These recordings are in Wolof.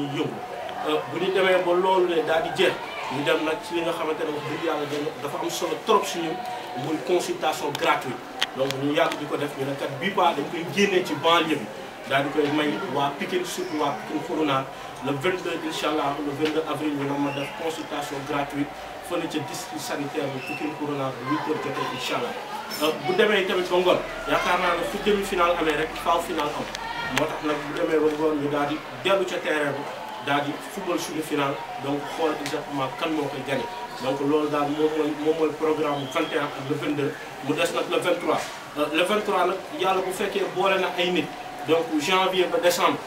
ñuy yëngu euh, bu ñu demee ba loolu ne daal di jeex ñu dem nag ci li nga xamante ne wax dëgg yàlla dafa am solo trop si ñun muy consultation gratuite donc ñu yàgg di ko def ñu ne kat bii ba dañ koy génnee ci banlieue bi daal di koy may waa Pikine surtout waa Pikine Corona le 22 incha allah le 22 avril ñu ma def consultation gratuite fële ca district bi Pikine Corona bu 8 heures euh, demee tamit ba ngoon yaakaar naa ne fu demi final amee rek faaw final am moo tax nag bu demee ba ngoon ñu daal di dellu ca terrain bi. daal di football suñu final donc xool exactement kan moo koy gagné donc lool daal moom mooy moom mooy programme 21 ak le 22 mu des nag le 23. Euh, le 23 nag yàlla bu fekkee boole na ay nit donc janvier ba décembre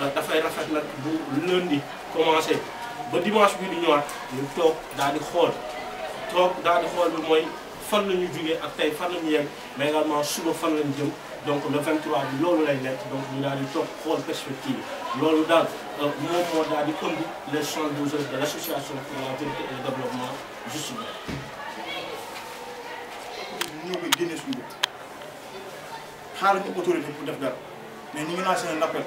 euh, dafay rafet nag bu lundi commencé ba dimanche bi di ñëwaat ñu toog daal di xool toog daal di xool bi mooy. fan la ñu ak fan mais également suba fan la jëm donc le 23 bi loolu lay donc nous avons di très xool perspective loolu daal euh, moom moo daal di les 12 heures de l'association pour la vérité et le développement justement. ñu ngi génne suñu Nous avons ñu autorité pour def dara mais nous ngi lancé un appel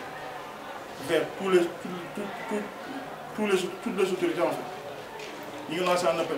vers tous les tous tous tous les toutes les autorités en fait ngi lancé un appel.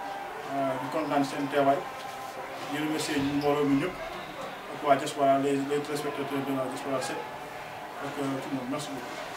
Euh, di kontaan seen teewaay di remercier ñu mbooloo mi ñëpp ak waa diaspora les les téléspectateurs de la diaspora 7 ak euh, tout le monde merci beaucoup.